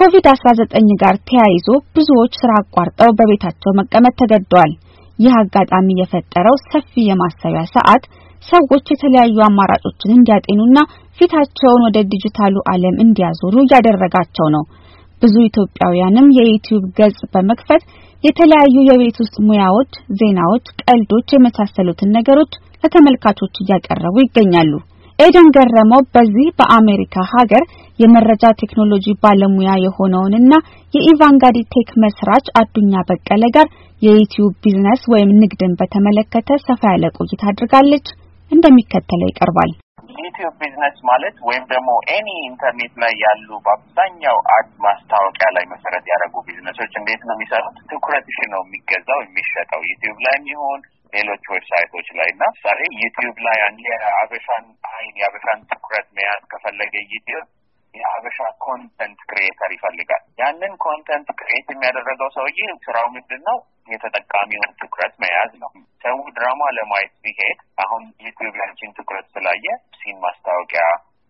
ከኮቪድ-19 ጋር ተያይዞ ብዙዎች ስራ አቋርጠው በቤታቸው መቀመጥ ተገደዋል። ይህ አጋጣሚ የፈጠረው ሰፊ የማሰቢያ ሰዓት ሰዎች የተለያዩ አማራጮችን እንዲያጤኑና ፊታቸውን ወደ ዲጂታሉ ዓለም እንዲያዞሩ እያደረጋቸው ነው። ብዙ ኢትዮጵያውያንም የዩቲዩብ ገጽ በመክፈት የተለያዩ የቤት ውስጥ ሙያዎች፣ ዜናዎች፣ ቀልዶች የመሳሰሉትን ነገሮች ለተመልካቾች እያቀረቡ ይገኛሉ። ኤደን ገረመው በዚህ በአሜሪካ ሀገር የመረጃ ቴክኖሎጂ ባለሙያ የሆነውንና የኢቫንጋዲ ቴክ መስራች አዱኛ በቀለ ጋር የዩቲዩብ ቢዝነስ ወይም ንግድን በተመለከተ ሰፋ ያለ ቆይታ አድርጋለች። እንደሚከተለው ይቀርባል። ዩቲዩብ ቢዝነስ ማለት ወይም ደግሞ ኤኒ ኢንተርኔት ላይ ያሉ በአብዛኛው አድ ማስታወቂያ ላይ መሰረት ያደረጉ ቢዝነሶች እንዴት ነው የሚሰሩት? ትኩረትሽ ነው የሚገዛው የሚሸጠው ዩቲዩብ ላይም ይሁን ሌሎች ዌብሳይቶች ላይ እና ምሳሌ ዩቲዩብ ላይ የአበሻን አይን የአበሻን ትኩረት መያዝ ከፈለገ ዩቲዩብ የአበሻ ኮንተንት ክሪኤተር ይፈልጋል። ያንን ኮንተንት ክሪኤት የሚያደረገው ሰውዬ ስራው ምንድን ነው? የተጠቃሚውን ትኩረት መያዝ ነው። ሰው ድራማ ለማየት ሲሄድ አሁን ዩቲዩብ ያንቺን ትኩረት ስላየ ሲን ማስታወቂያ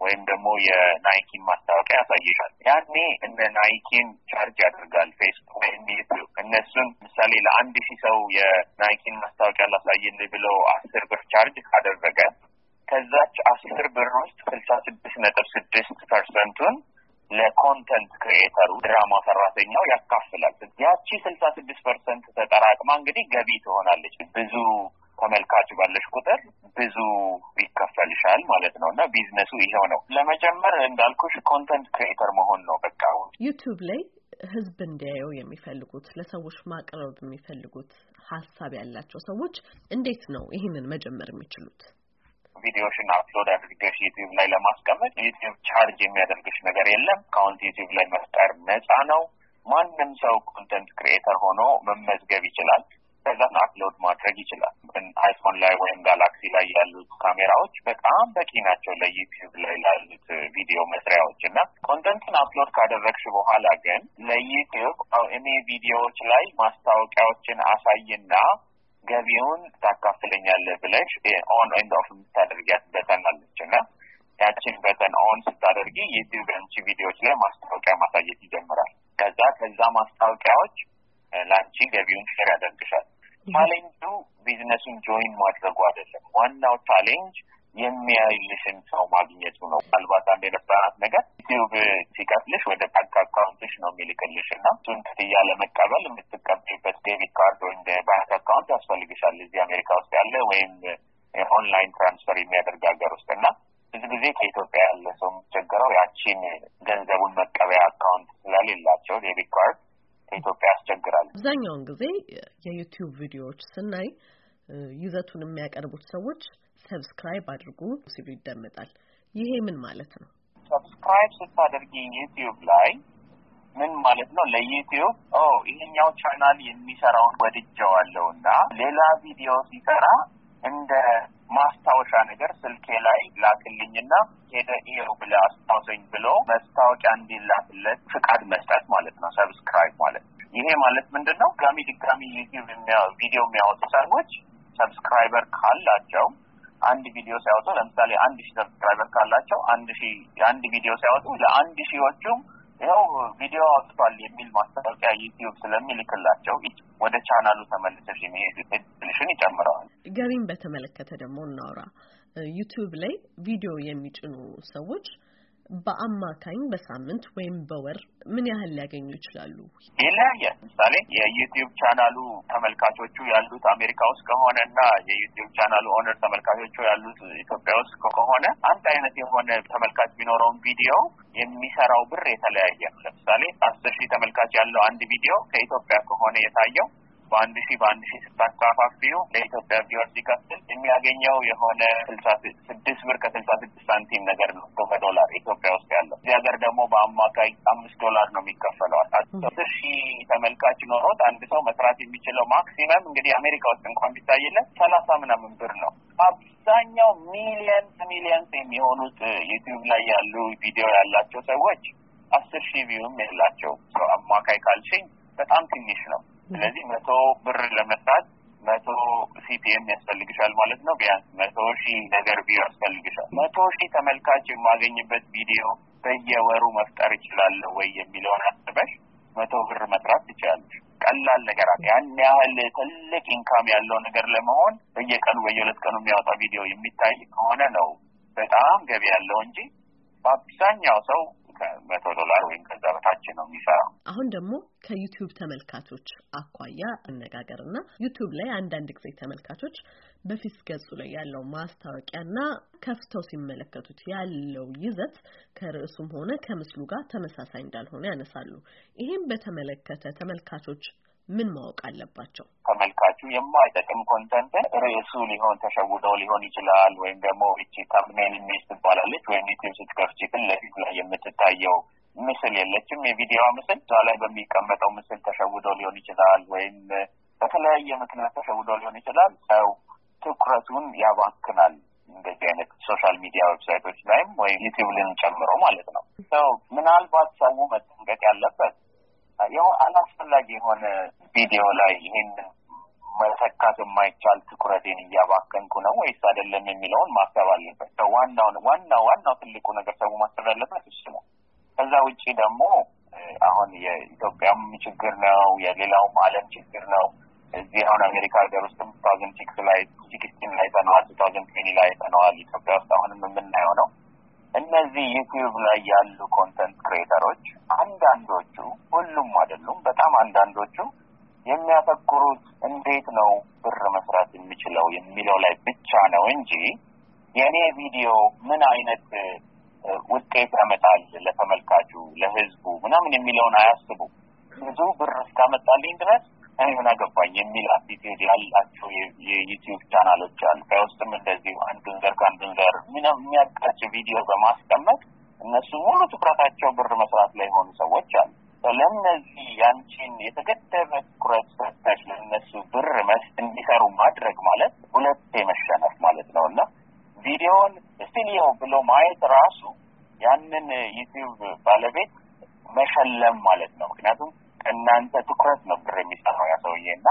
ወይም ደግሞ የናይኪን ማስታወቂያ ያሳይሻል። ያኔ እነ ናይኪን ቻርጅ ያደርጋል ፌስቡክ ወይም ዩቲዩብ። እነሱን ምሳሌ ለአንድ ሺህ ሰው የናይኪን ማስታወቂያ ላሳይል ብለው አስር ብር ቻርጅ ካደረገ ከዛች አስር ብር ውስጥ ስልሳ ስድስት ነጥብ ስድስት ፐርሰንቱን ለኮንተንት ክሪኤተሩ ድራማ ሰራተኛው ያካፍላል። ያቺ ስልሳ ስድስት ፐርሰንት ተጠራቅማ እንግዲህ ገቢ ትሆናለች ብዙ ተመልካቹ ባለሽ ቁጥር ብዙ ይከፈልሻል ማለት ነው። እና ቢዝነሱ ይሄው ነው። ለመጀመር እንዳልኩሽ ኮንተንት ክሬተር መሆን ነው በቃ። ዩቱብ ላይ ህዝብ እንዲያየው የሚፈልጉት ለሰዎች ማቅረብ የሚፈልጉት ሀሳብ ያላቸው ሰዎች እንዴት ነው ይህንን መጀመር የሚችሉት? ቪዲዮሽን አፕሎድ አድርገሽ ዩቲዩብ ላይ ለማስቀመጥ ዩቲዩብ ቻርጅ የሚያደርግሽ ነገር የለም። አካውንት ዩቲዩብ ላይ መፍጠር ነፃ ነው። ማንም ሰው ኮንተንት ክሪኤተር ሆኖ መመዝገብ ይችላል። ከዛም አፕሎድ ማድረግ ይችላል። ግን አይፎን ላይ ወይም ጋላክሲ ላይ ያሉት ካሜራዎች በጣም በቂ ናቸው ለዩቲዩብ ላይ ላሉት ቪዲዮ መስሪያዎች እና ኮንተንትን አፕሎድ ካደረግሽ በኋላ ግን ለዩቲዩብ እኔ ቪዲዮዎች ላይ ማስታወቂያዎችን አሳይና ገቢውን ታካፍለኛለህ ብለሽ ኦን ኤንድ ኦፍ የምታደርጊያት በተን አለች እና ያችን በተን ኦን ስታደርጊ ዩቲዩብ አንቺ ቪዲዮዎች ላይ ማስታወቂያ ማሳየት ይጀምራል። ከዛ ከዛ ማስታወቂያዎች ለአንቺ ገቢውን ሼር ያደርግሻል። ቻሌንጁ ቢዝነሱን ጆይን ማድረጉ አይደለም። ዋናው ቻሌንጅ የሚያይልሽን ሰው ማግኘቱ ነው። ምናልባት አንድ የነበራት ነገር ዩቲዩብ ሲከፍልሽ ወደ ባንክ አካውንትሽ ነው የሚልክልሽ እና እሱን ክፍያ ለመቀበል የምትቀበልበት ዴቢት ካርድ ወይም ባንክ አካውንት ያስፈልግሻል እዚህ አሜሪካ ውስጥ ያለ ወይም ኦንላይን ትራንስፈር የሚያደርግ ሀገር ውስጥ እና ብዙ ጊዜ ከኢትዮጵያ ያለ ሰው የሚቸገረው ያቺን ገንዘቡን መቀበያ አካውንት ስለሌላቸው ዴቢት ካርድ ለኢትዮጵያ ያስቸግራል። አብዛኛውን ጊዜ የዩቲዩብ ቪዲዮዎች ስናይ ይዘቱን የሚያቀርቡት ሰዎች ሰብስክራይብ አድርጉ ሲሉ ይደመጣል። ይሄ ምን ማለት ነው? ሰብስክራይብ ስታደርጊ ዩቲዩብ ላይ ምን ማለት ነው? ለዩቲዩብ ኦ ይሄኛው ቻናል የሚሰራውን ወድጀዋለሁ እና ሌላ ቪዲዮ ሲሰራ እንደ ማስታወሻ ነገር ስልኬ ላይ ላክልኝና ሄደ ይሄው ብለ አስታውሰኝ ብሎ መስታወቂያ እንዲላክለት ፍቃድ መስጠት ማለት ነው። ሰብስክራይብ ማለት ይሄ ማለት ምንድን ነው? ድጋሚ ድጋሚ ዩቲዩብ ቪዲዮ የሚያወጡ ሰዎች ሰብስክራይበር ካላቸው አንድ ቪዲዮ ሲያወጡ ለምሳሌ አንድ ሺህ ሰብስክራይበር ካላቸው አንድ ሺህ አንድ ቪዲዮ ሲያወጡ ለአንድ ሺዎቹም ያው ቪዲዮ አውጥቷል የሚል ማስታወቂያ ዩቲዩብ ስለሚልክላቸው ወደ ቻናሉ ተመልሰሽ የመሄድ እድልሽን ይጨምረዋል። ገቢን በተመለከተ ደግሞ እናውራ። ዩቲዩብ ላይ ቪዲዮ የሚጭኑ ሰዎች በአማካኝ በሳምንት ወይም በወር ምን ያህል ሊያገኙ ይችላሉ? ይለያያል። ምሳሌ የዩቲዩብ ቻናሉ ተመልካቾቹ ያሉት አሜሪካ ውስጥ ከሆነ እና የዩቲዩብ ቻናሉ ኦነር ተመልካቾቹ ያሉት ኢትዮጵያ ውስጥ ከሆነ አንድ አይነት የሆነ ተመልካች ቢኖረውን ቪዲዮ የሚሰራው ብር የተለያየ ነው። ለምሳሌ አስር ሺህ ተመልካች ያለው አንድ ቪዲዮ ከኢትዮጵያ ከሆነ የታየው በአንድ ሺ በአንድ ሺ ስታካፋፊው ለኢትዮጵያ ቢወርድ ይቀጥል የሚያገኘው የሆነ ስልሳ ስድስት ብር ከስልሳ ስድስት ሳንቲም ነገር ነው በዶላር ኢትዮጵያ ውስጥ ያለው። እዚህ ሀገር ደግሞ በአማካይ አምስት ዶላር ነው የሚከፈለዋል። አስር ሺ ተመልካች ኖሮት አንድ ሰው መስራት የሚችለው ማክሲመም እንግዲህ አሜሪካ ውስጥ እንኳን ቢታይለት ሰላሳ ምናምን ብር ነው። አብዛኛው ሚሊየንስ ሚሊየንስ የሚሆኑት ዩቲዩብ ላይ ያሉ ቪዲዮ ያላቸው ሰዎች አስር ሺህ ቪውም የላቸው አማካይ ካልሽኝ በጣም ትንሽ ነው። ስለዚህ መቶ ብር ለመስራት መቶ ሲፒኤም ያስፈልግሻል ማለት ነው። ቢያንስ መቶ ሺህ ነገር ቪው ያስፈልግሻል። መቶ ሺህ ተመልካች የማገኝበት ቪዲዮ በየወሩ መፍጠር ይችላለሁ ወይ የሚለውን አስበሽ መቶ ብር መስራት ትችላለሽ። ቀላል ነገር አለ። ያን ያህል ትልቅ ኢንካም ያለው ነገር ለመሆን በየቀኑ በየሁለት ቀኑ የሚያወጣ ቪዲዮ የሚታይ ከሆነ ነው በጣም ገቢ ያለው እንጂ በአብዛኛው ሰው ከመቶ ዶላር ወይም ከዛ በታች ነው የሚሰራው። አሁን ደግሞ ከዩቲዩብ ተመልካቾች አኳያ አነጋገርና ዩቲዩብ ላይ አንዳንድ ጊዜ ተመልካቾች በፊት ገጹ ላይ ያለው ማስታወቂያ እና ከፍተው ሲመለከቱት ያለው ይዘት ከርዕሱም ሆነ ከምስሉ ጋር ተመሳሳይ እንዳልሆነ ያነሳሉ። ይህም በተመለከተ ተመልካቾች ምን ማወቅ አለባቸው? ተመልካቹ የማይጠቅም ኮንተንት ርዕሱ ሊሆን ተሸውደው ሊሆን ይችላል። ወይም ደግሞ እቺ ታምኔል ሚስ ትባላለች። ወይም ዩቲብ ስትከፍች ፊት ለፊት ላይ የምትታየው ምስል የለችም። የቪዲዮዋ ምስል እዛ ላይ በሚቀመጠው ምስል ተሸውደው ሊሆን ይችላል። ወይም በተለያየ ምክንያት ተሸውደው ሊሆን ይችላል። ሰው ትኩረቱን ያባክናል። እንደዚህ አይነት ሶሻል ሚዲያ ዌብሳይቶች ላይም ወይም ልን ጨምሮ ማለት ነው። ሰው ምናልባት ሰው መጠንቀቅ ያለበት አላስፈላጊ የሆነ ቪዲዮ ላይ ይሄንን መተካት የማይቻል ትኩረቴን እያባከንኩ ነው ወይስ አይደለም የሚለውን ማሰብ አለበት። ሰው ዋናው ዋና ዋናው ትልቁ ነገር ሰው ማሰብ ያለበት እሱ ነው። ከዛ ውጭ ደግሞ አሁን የኢትዮጵያም ችግር ነው፣ የሌላውም ዓለም ችግር ነው። እዚህ አሁን አሜሪካ ሀገር ውስጥም ቱ ታውዘንድ ሲክስ ላይ ሲክስቲን ላይ ተነዋል፣ ቱ ታውዘንድ ትዌኒ ላይ ተነዋል። ኢትዮጵያ ውስጥ አሁንም የምናየው ነው። እነዚህ ዩቲዩብ ላይ ያሉ ኮንተንት ክሬተሮች አንዳንዶቹ፣ ሁሉም አይደሉም፣ በጣም አንዳንዶቹ የሚያተኩሩት እንዴት ነው ብር መስራት የሚችለው የሚለው ላይ ብቻ ነው እንጂ የእኔ ቪዲዮ ምን አይነት ውጤት ያመጣል ለተመልካቹ፣ ለህዝቡ ምናምን የሚለውን አያስቡ። ብዙ ብር እስካመጣልኝ ድረስ እኔ ምን አገባኝ የሚል አቲቲዩድ ያላቸው የዩቲዩብ ቻናሎች አሉ። ከውስጥም እንደዚሁ አንዱን ዘር ከአንዱን ዘር የሚያጋጭ ቪዲዮ በማስቀመጥ እነሱ ሙሉ ትኩረታቸው ብር መስራት ላይ የሆኑ ሰዎች አሉ። ለነዚህ ያንቺን የተገደበ ትኩረት ሰጥተሽ ለነሱ ብር እንዲሰሩ ማድረግ ማለት ሁለቴ መሸነፍ ማለት ነው እና ቪዲዮን ስቲሊዮ ብሎ ማየት ራሱ ያንን ዩቲዩብ ባለቤት መሸለም ማለት ነው። ምክንያቱም ከእናንተ ትኩረት ነው ብር የሚሰራው ያ ሰውዬ እና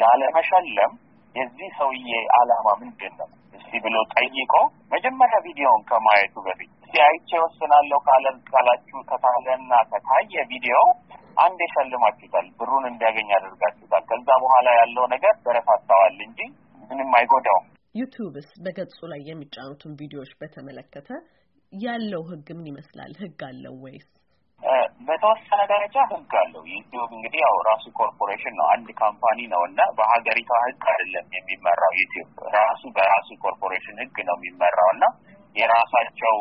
ላለመሸለም የዚህ ሰውዬ አላማ ምንድን ነው እስቲ ብሎ ጠይቆ መጀመሪያ ቪዲዮውን ከማየቱ በፊት እስቲ አይቼ ወስናለሁ ካለን ካላችሁ ከታለና ከታየ ቪዲዮ አንድ የሸልማችሁታል፣ ብሩን እንዲያገኝ አድርጋችሁታል። ከዛ በኋላ ያለው ነገር በረታታዋል እንጂ ምንም አይጎዳውም። ዩቲዩብስ በገጹ ላይ የሚጫኑትን ቪዲዮዎች በተመለከተ ያለው ህግ ምን ይመስላል? ህግ አለው ወይስ? በተወሰነ ደረጃ ህግ አለው። ዩቲዩብ እንግዲህ ያው ራሱ ኮርፖሬሽን ነው፣ አንድ ካምፓኒ ነው እና በሀገሪቷ ህግ አይደለም የሚመራው። ዩቲዩብ ራሱ በራሱ ኮርፖሬሽን ህግ ነው የሚመራው እና የራሳቸው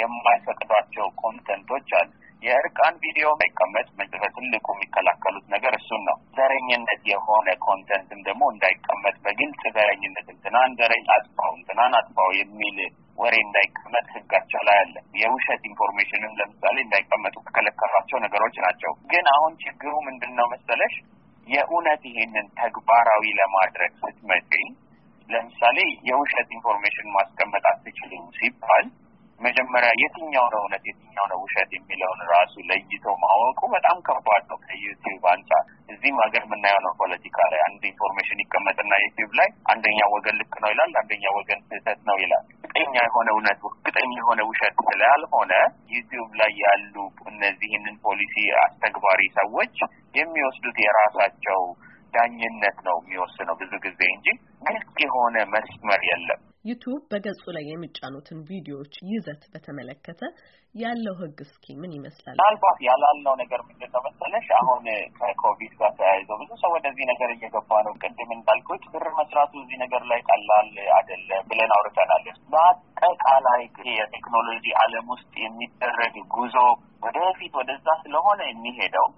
የማይፈቅዷቸው ኮንተንቶች አሉ። የእርቃን ቪዲዮ እንዳይቀመጥ ትልቁ የሚከላከሉት ነገር እሱን ነው። ዘረኝነት የሆነ ኮንተንትም ደግሞ እንዳይቀመጥ በግልጽ ዘረኝነት እንትናን ዘረኝ አጥፋው፣ እንትናን አጥፋው የሚል ወሬ እንዳይቀመጥ ህጋቸው ላይ አለ። የውሸት ኢንፎርሜሽንም ለምሳሌ እንዳይቀመጡ ከከለከሏቸው ነገሮች ናቸው። ግን አሁን ችግሩ ምንድን ነው መሰለሽ? የእውነት ይሄንን ተግባራዊ ለማድረግ ስትመጪ ለምሳሌ የውሸት ኢንፎርሜሽን ማስቀመጥ አትችልም ሲባል መጀመሪያ የትኛው ነው እውነት የትኛው ነው ውሸት የሚለውን ራሱ ለይቶ ማወቁ በጣም ከባድ ነው። ከዩቲዩብ አንጻር እዚህም ሀገር የምናየው ነው። ፖለቲካ ላይ አንድ ኢንፎርሜሽን ይቀመጥና ዩቲዩብ ላይ አንደኛ ወገን ልክ ነው ይላል፣ አንደኛ ወገን ስህተት ነው ይላል። እርግጠኛ የሆነ እውነት እርግጠኛ የሆነ ውሸት ስላልሆነ ዩቲዩብ ላይ ያሉ እነዚህንን ፖሊሲ አስተግባሪ ሰዎች የሚወስዱት የራሳቸው ዳኝነት ነው የሚወስነው ብዙ ጊዜ እንጂ ግልጽ የሆነ መስመር የለም። ዩቱብ በገጹ ላይ የሚጫኑትን ቪዲዮዎች ይዘት በተመለከተ ያለው ህግ እስኪ ምን ይመስላል? ምናልባት ያላልነው ነገር ምንድን ነው መሰለሽ፣ አሁን ከኮቪድ ጋር ተያይዞ ብዙ ሰው ወደዚህ ነገር እየገባ ነው። ቅድም እንዳልኩት ብር መስራቱ እዚህ ነገር ላይ ቀላል አይደለም ብለን አውርተናል። በአጠቃላይ የቴክኖሎጂ ዓለም ውስጥ የሚደረግ ጉዞ ወደፊት ወደዛ ስለሆነ የሚሄደው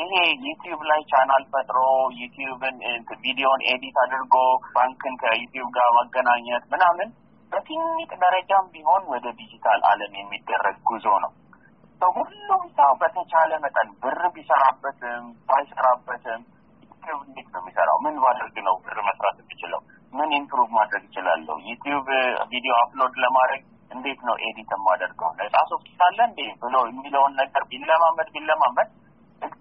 ይሄ ዩቲዩብ ላይ ቻናል ፈጥሮ ዩቲዩብን ቪዲዮን ኤዲት አድርጎ ባንክን ከዩቲዩብ ጋር ማገናኘት ምናምን በትንቅ ደረጃም ቢሆን ወደ ዲጂታል ዓለም የሚደረግ ጉዞ ነው። ሁሉም ሰው በተቻለ መጠን ብር ቢሰራበትም ባይሰራበትም ዩቲዩብ እንዴት ነው የሚሰራው? ምን ባደርግ ነው ብር መስራት የሚችለው? ምን ኢምፕሩቭ ማድረግ ይችላለሁ? ዩቲዩብ ቪዲዮ አፕሎድ ለማድረግ እንዴት ነው ኤዲት የማደርገው? ነጻ ሶፍት ሳለ እንዴ ብሎ የሚለውን ነገር ቢለማመድ ቢለማመድ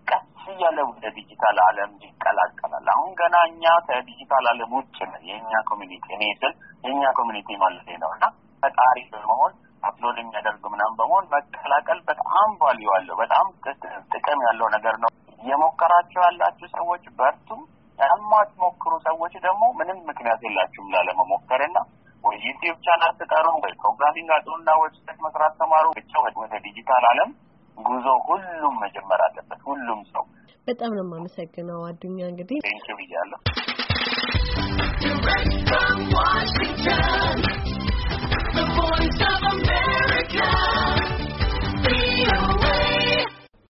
ቀስ እያለ ወደ ዲጂታል ዓለም ይቀላቀላል። አሁን ገና እኛ ከዲጂታል ዓለም ውጭ ነው የእኛ ኮሚኒቲ። እኔ ስል የእኛ ኮሚኒቲ ማለት ነው እና ፈጣሪ በመሆን አፕሎድ የሚያደርግ ምናምን በመሆን መቀላቀል በጣም ቫሊዩ አለው፣ በጣም ጥቅም ያለው ነገር ነው። እየሞከራቸው ያላችሁ ሰዎች በርቱ። የማትሞክሩ ሰዎች ደግሞ ምንም ምክንያት የላችሁም ላለመሞከርና ወይ ዩቲዩብ ቻናል ትጠሩ፣ ወይ ፕሮግራሚንግ አጥሩና ዌብሳይት መስራት ተማሩ። ብቻ ወደ ዲጂታል ዓለም ጉዞ ሁሉም መጀመር አለበት። ሁሉም ሰው በጣም ነው የማመሰግነው አዱኛ። እንግዲህ ንክ ብያለሁ።